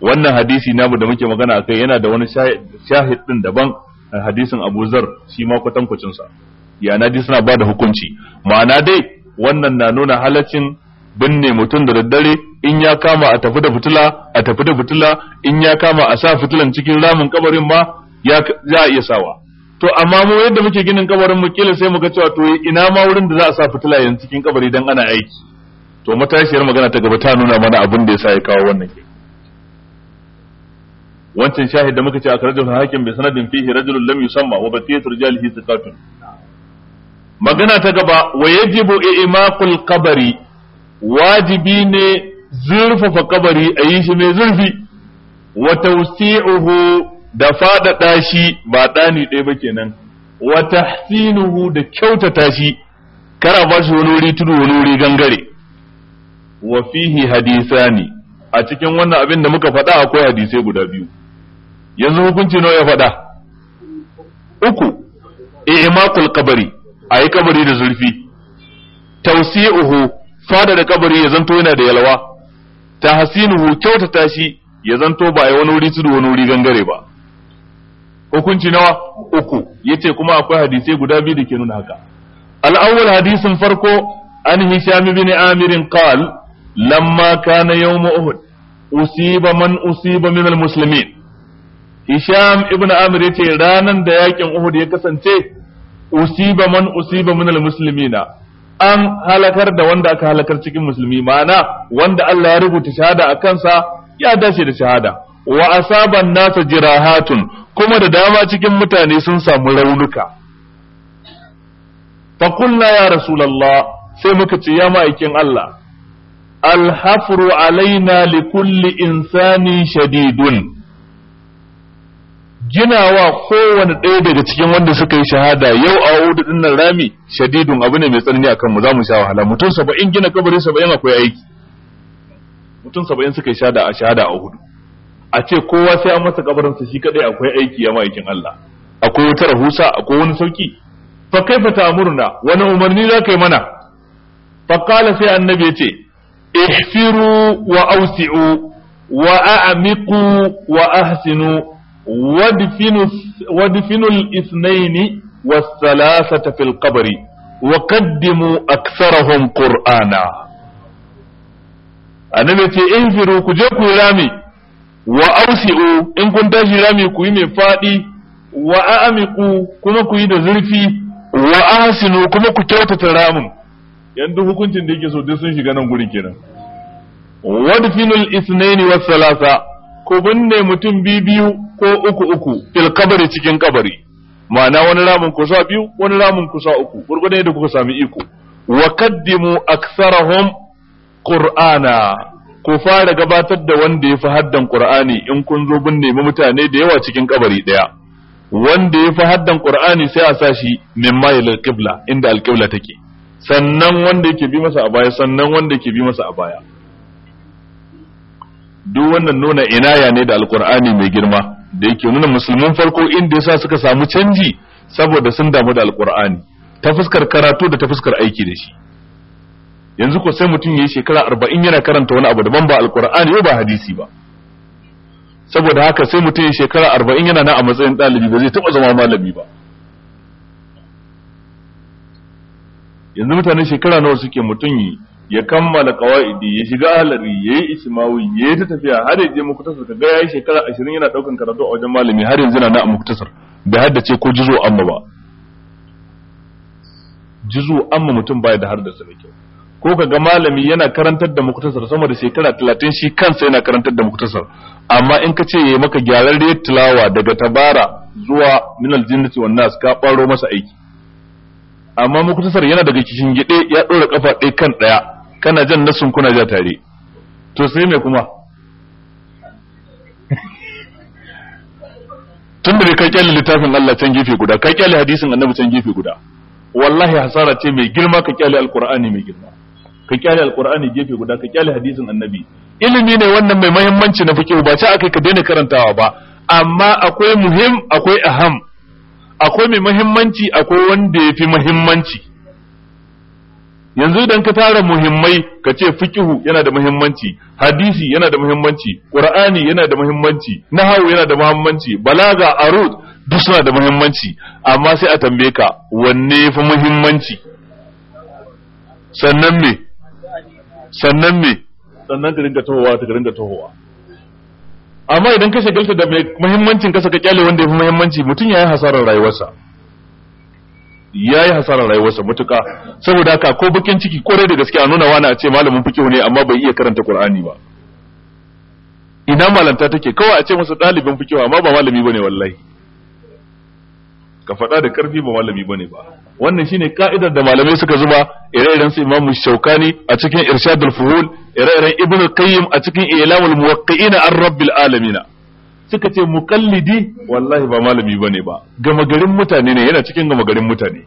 wannan hadisi namu da muke magana akai yana da wani shahid din daban hadisin Abu Zar shi ma kwatankwacin sa yana ji suna bada hukunci ma'ana dai wannan na nuna halacin binne mutum da daddare in ya kama a tafi da fitila a tafi da fitila in ya kama a sa fitilan cikin ramin kabarin ma ya za a iya sawa to amma mu yadda muke ginin kabarin mu kila sai muka cewa to ina ma wurin da za a sa fitila yanzu cikin kabari dan ana aiki to matashiyar magana ta gaba ta nuna mana abin da yasa ya kawo wannan ke wancan shahid da muka ce a akhrajahu hakim bi sanadin fihi rajulun lam yusamma wa baqiyatu rijalihi thiqatun magana ta gaba wa yajibu i'maqul qabri wajibi ne zurfafa kabari a yi shi mai zurfi wa tawsi'uhu da fadada shi ba dani ɗaya ba kenan wa tahsinuhu da kyautata shi kara ba shi wani wuri tudu wani wuri gangare wa fihi ne. a cikin wannan abin da muka faɗa akwai hadisai guda biyu yanzu hukunci nawa ya faɗa uku i'maqul qabri ayi kabari da zurfi tawsi'uhu fada da kabari ya zanto yana da yalwa tahsinuhu kyauta tashi ya zanto ba ya wani wuri tudu wani wuri gangare ba hukunci nawa uku yace kuma akwai hadisai guda biyu da ke nuna haka al-awwal hadisin farko an hisham ibn amir qal lamma kana yawm uhud usiba man usiba min al-muslimin Hisham ibn Amir yace ranan da yakin Uhud ya kasance usiba man usiba min almuslimina an halakar da wanda aka halakar cikin musulmi ma'ana wanda Allah ya rubuta shahada a kansa ya dace da shahada wa asaban nasa jirahatun kuma da dama cikin mutane sun samu raunuka fa kullu ya rasulullah sai muka ce ya ma'aikin Allah alhafru alaina likulli insani shadidun ginawa kowane ɗaya daga cikin wanda suka yi shahada yau a hudu dinnan rami shadidun abu ne mai tsanani akan mu za mu sha wahala mutum saba'in gina kabari saba'in akwai aiki mutum saba'in suka yi shahada a shahada a hudu a ce kowa sai an masa sa shi kadai akwai aiki ya ma'aikin Allah akwai wata rahusa akwai wani sauki fa kaifa ta'muruna wani umarni za kai mana fa qala sai annabi ya ce ihfiru wa ausi'u wa a'miqu wa ahsinu wadfinu isnaini ithnaini was-salasata fil qabri wa qaddimu aktsarahum qur'ana annabi ce infiru ku je ku rami wa ausi'u in kun tashi rami kuyi mai faɗi, wa a'miqu kuma ku da zurfi wa ahsinu kuma ku kyautata ramin yanzu hukuncin da yake so duk sun shiga nan gurin kenan wadfinul isnaini was salasa ku binne mutum biyu ko uku uku fil kabari cikin kabari ma'ana wani ramin ku sa biyu wani ramin ku sa uku gurgurdan yadda kuka sami iko wa kaddimu aktsarahum qur'ana ku fara gabatar da wanda ya fi haddan qur'ani in kun zo binne mutane da yawa cikin kabari daya wanda ya fi haddan qur'ani sai a sa shi min mayil qibla inda alqibla take sannan wanda yake bi masa a baya sannan wanda yake bi masa a baya duk wannan nuna inaya ne da alkur'ani mai girma da yake nuna musulmin farko inda yasa suka samu canji saboda sun damu da alkur'ani ta fuskar karatu da ta fuskar aiki da shi yanzu ko sai mutum yayi shekara 40 yana karanta wani abu daban ba alkur'ani ba hadisi ba saboda haka sai mutum yayi shekara 40 yana nan a matsayin dalibi ba zai taba zama malami ba yanzu mutane shekara nawa suke mutum yi ya kammala kawaidi ya shiga alari yi ismawi yi ta tafiya har ya je muktasar ka ga yayi shekara 20 yana daukan karatu a wajen malami har yanzu yana na muktasar bai haddace ko jizo amma ba jizo amma mutum baya da haddasa sabai kyau ko kaga malami yana karantar da muktasar sama da shekara 30 shi kansa yana karantar da muktasar amma in ka ce yayi maka gyararriyar tilawa daga tabara zuwa minal jinnati wan nas ka baro masa aiki amma muktasar yana daga kishin gide ya dora kafa ɗaya kan ɗaya kana jan nasun kuna ja tare to sai me kuma tun da ka kyale littafin Allah can gefe guda ka kyale hadisin annabi can gefe guda wallahi hasara ce mai girma ka kyale alqur'ani mai girma ka kyale alqur'ani gefe guda ka kyale hadisin annabi ilimi ne wannan mai muhimmanci na fiqh ba ce akai ka daina karantawa ba amma akwai muhim akwai aham akwai mai muhimmanci akwai wanda yafi muhimmanci yanzu idan ka tara muhimmai ka ce fikihu yana da muhimmanci hadisi yana da muhimmanci qur'ani yana da muhimmanci nahawu yana da muhimmanci balaga arud duk suna da muhimmanci amma sai a tambaye ka wanne fi muhimmanci sannan me sannan me sannan ka dinga tohowa ta dinga tohowa amma idan ka shagalta da muhimmancin ka saka kyale wanda ya fi muhimmanci mutum ya yi hasarar rayuwarsa Ya yi hasarar rayuwarsa mutuka saboda haka ko bakin ciki kore da gaske a nuna wani a ce malamin fiqh ne amma bai iya karanta qur'ani ba ina malanta take kawai a ce masa dalibin fiqh amma ba malami bane wallahi ka faɗa da karfi ba malami bane ba wannan shine ka'idar da malamai suka zuba ire-iren su Imam Shaukani a cikin Irshadul Fuhul ire-iren Ibn Qayyim a cikin Ilamul muwaqqi'ina ar-Rabbil Alamin suka ce mukallidi wallahi ba malami bane ba gama garin mutane ne yana cikin gama garin mutane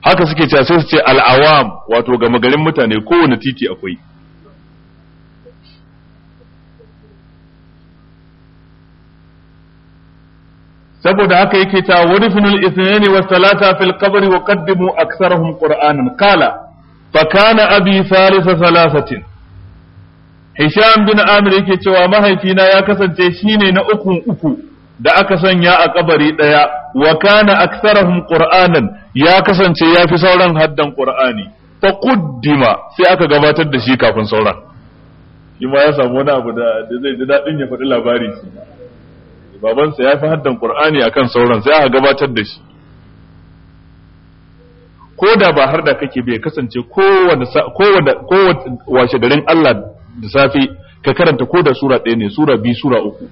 haka suke cewa sai su ce al'awam wato gama garin mutane kowane titi akwai saboda haka yake ta wani finul isnani wa salata fil qabri wa qaddimu aktsarahum qur'anan qala fa kana abi thalitha thalathatin Hisham bin Amir yake cewa mahaifina ya kasance shine na ukun uku da aka sanya a kabari ɗaya wa kana aktsarahum qur'anan ya kasance ya fi sauran haddan qur'ani fa quddima sai aka gabatar da shi kafin sauran ma ya samu wani abu da zai ji daɗin ya faɗi labari babansa ya fi haddan qur'ani akan sauran sai aka gabatar da shi ko da ba har da kake bai kasance kowane kowane washe garin Allah da safe ka karanta ko da sura ɗaya ne sura biyu sura uku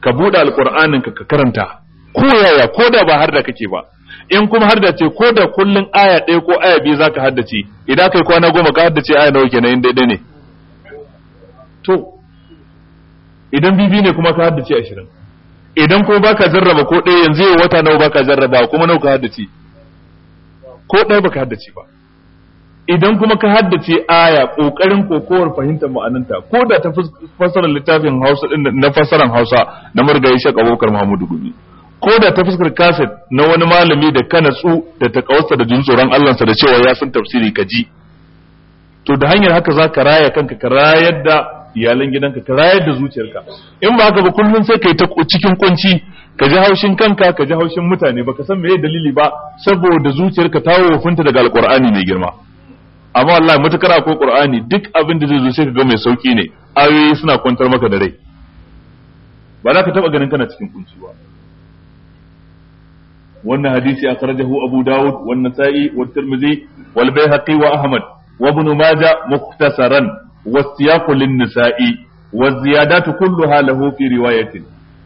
ka buɗe alƙur'anin ka karanta ko yaya ko da ba har da kake ba in kuma har da ce ko da kullun aya ɗaya ko aya biyu zaka haddace idan kai kwana goma ka haddace aya nawa kenan in daidai ne to idan bibi ne kuma ka haddace ashirin idan kuma baka jarraba ko ɗaya yanzu yau wata nawa baka jarraba kuma nawa ka haddace ko ɗaya baka haddace ba idan kuma ka haddace aya kokarin kokowar fahimtar ma'ananta ko da ta fassara littafin Hausa din na fassaran Hausa na Margayi Sheikh Abubakar Muhammadu Gumi ko da ta fuskar kaset na wani malami da ka natsu da ta kawarsa da jin tsoron Allahnsa da cewa ya san tafsiri ka ji to da hanyar haka za ka raya kanka ka rayar da iyalan gidanka ka rayar da zuciyarka in ba haka ba kullum sai kai ta cikin kunci ka ji haushin kanka ka ji haushin mutane ba ka san meye dalili ba saboda zuciyarka ta wofinta daga alkur'ani mai girma amma wallahi matukar akwai qur'ani duk abin da zai zo sai ka ga mai sauki ne ayoyi suna kwantar maka da rai ba za ka taba ganin kana cikin kunci ba wannan hadisi akhrajahu abu daud wan nasa'i wat tirmidhi wal baihaqi wa ahmad wa ibn majah mukhtasaran wasiyaqu lin nisa'i والزيادات كلها له في رواية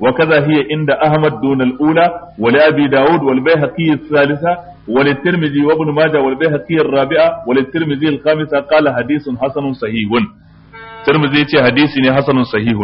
وكذا هي عند أحمد دون الأولى ولأبي داود والبيهقي الثالثة وللترمذي وابن ماجه والبيهقي الرابعة وللترمذي الخامسة قال حديث حسن صحيح ترمذي يتي حديث حسن صحيح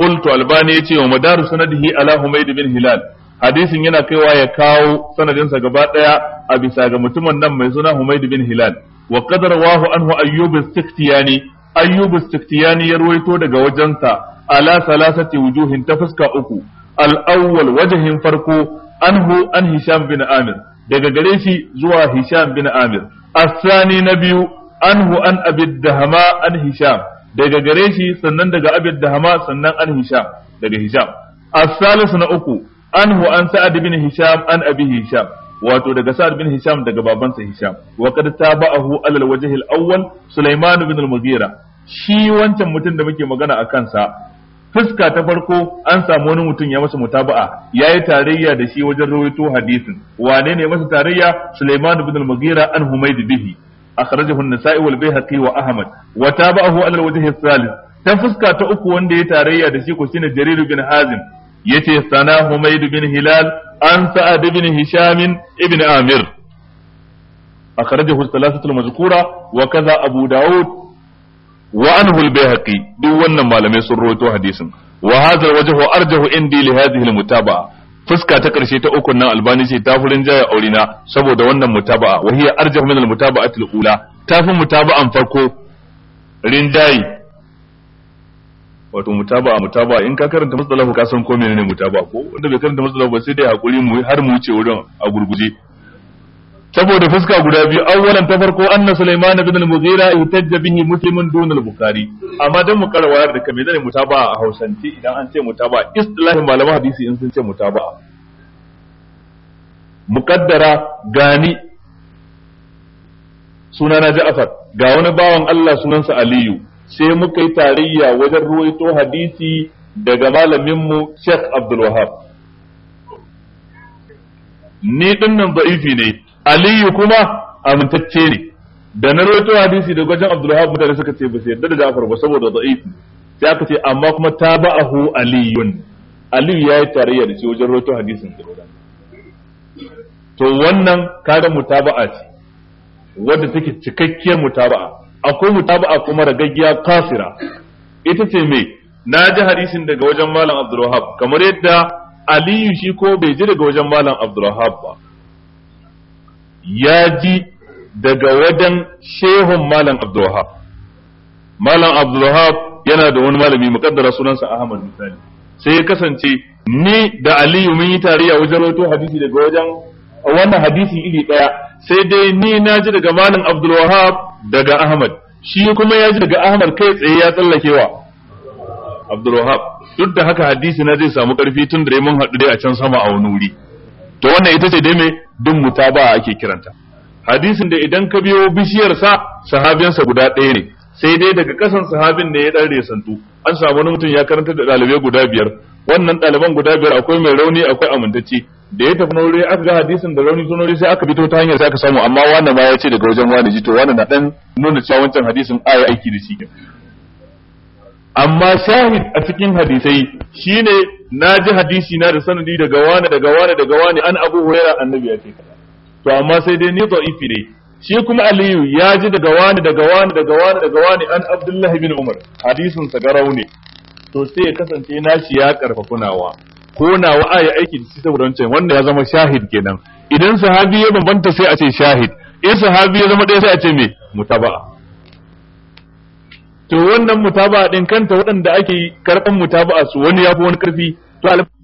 قلت الباني يتي ومدار سنده على حميد بن هلال hadisin yana kaiwa ya kawo sanadinsa gaba daya a bisa ga mutumin nan mai suna Humayd bin Hilal wa qadarawahu anhu Ayyub as-Sikhtiyani Ayyub as-Sikhtiyani ya ruwaito daga wajensa ala salasati wujuhin ta fuska uku al-awwal wajhin farko anhu an hisham bin amir daga gare shi zuwa hisham bin amir Asani na biyu anhu an abid dahama an hisham daga gare shi sannan daga abid dahama sannan an hisham daga hisham as na uku anhu an sa'ad bin hisham an abi hisham wato daga sa'ad bin hisham daga babansa hisham wa qad tabahu ala al-wajh al-awwal sulaiman bin al-mughira shi wancan mutum da muke magana a kansa fuska ta farko an samu wani mutum ya masa mutaba'a yayi tarayya da shi wajen rawaito hadisin wane ne masa tarayya Sulaiman ibn al-Mughira an Humayd bihi akhrajahu an-Nasa'i wal Baihaqi wa Ahmad wa tabahu ala al-wajh al-thalith ta fuska ta uku wanda ya tarayya da shi ko shine Jarir bin Hazim yace sana Humayd bin Hilal an Sa'ad bin Hisham ibn Amir akhrajahu al-thalathatu al-mazkura wa kaza Abu Dawud wa anhu al-bayhaqi duk wannan malamai sun rawaito hadisin wa hadha wajhu arjahu indi li hadhihi al-mutaba'a fuska ta karshe ta uku nan albani ce ta furin jaya aurina saboda wannan mutaba'a wa hiya arjahu min al-mutaba'ati al-ula tafi mutaba'an farko rindai wato mutaba'a mutaba'a in ka karanta matsalahu ka san ko menene mutaba'a ko wanda bai karanta matsalahu ba sai dai hakuri mu har mu wuce wurin a gurguje saboda fuska guda biyu awwalan ta farko anna sulaiman ibn al-mughira yutajja bihi muslimun dun al-bukhari amma dan mu karwayar da kame zane mutaba a hausance idan an ce mutaba istilahin malaman hadisi in sun ce mutaba muqaddara gani Suna sunana ja'far ga wani bawan Allah sunansa aliyu sai muka yi tarayya wajen ruwaito hadisi daga malaminmu Sheikh Abdul Wahab ni dinnan da'ifi ne aliyu kuma amintacce ne da na roto hadisi da gwajin abdulwahab mutane suka ce ba su yarda da ja'far ba saboda da'if sai aka ce amma kuma taba'ahu aliyun aliyu yayi tarayya da shi wajen rawaito hadisin da to wannan kaga mutaba'a ce wadda take cikakkiyar mutaba'a akwai mutaba'a kuma ragaggiya kasira ita ce me na ji hadisin daga wajen malam abdulwahab kamar yadda aliyu shi ko bai ji daga wajen malam abdulwahab ba ya ji daga wajen shehun malam abdulwahab malam abdulwahab yana da wani malami muƙaddara sunansa ahmad misali sai ya kasance ni da aliyu mun yi tarayya wajen rawaito hadisi daga wajen wannan hadisi iri daya sai dai ni na ji daga malam Abdul daga Ahmad shi kuma ya ji daga Ahmad kai tsaye ya tsallakewa Abdul duk da haka hadisi na zai samu ƙarfi tun da mun haɗu dai a can sama a wani wuri to wannan ita ce dai me din mutaba ake kiranta hadisin da idan ka biyo bishiyar sa sahabiyansa guda ɗaya ne sai dai daga kasan sahabin ne ya dan resantu an samu wani mutum ya karanta da ɗalibai guda biyar wannan ɗaliban guda biyar akwai mai rauni akwai amintacce da ya tafi nauri aka ga hadisin da rauni sunori sai aka fito ta hanyar sai aka samu amma wannan ma ya ce daga wajen wani ji to wannan na dan nuna cewa wancan hadisin ayi aiki da shi amma shahid a cikin hadisai shine na ji hadisi na da sanadi daga wani daga wani daga wani an abu huraira annabi ya ce kaza to amma sai dai ni da'ifi ne shi kuma aliyu ya ji daga wani daga wani daga wani daga wani an abdullahi bin umar hadisin sa garau to sai ya kasance nashi ya karfa kunawa ko nawa a yi aiki da shi saboda wancan wanda ya zama shahid kenan idan sahabi ya bambanta sai a ce shahid in sahabi ya zama ɗaya sai a ce me mutaba'a to wannan mutaba'a din kanta waɗanda ake karɓan mutaba'a su wani yafi wani karfi to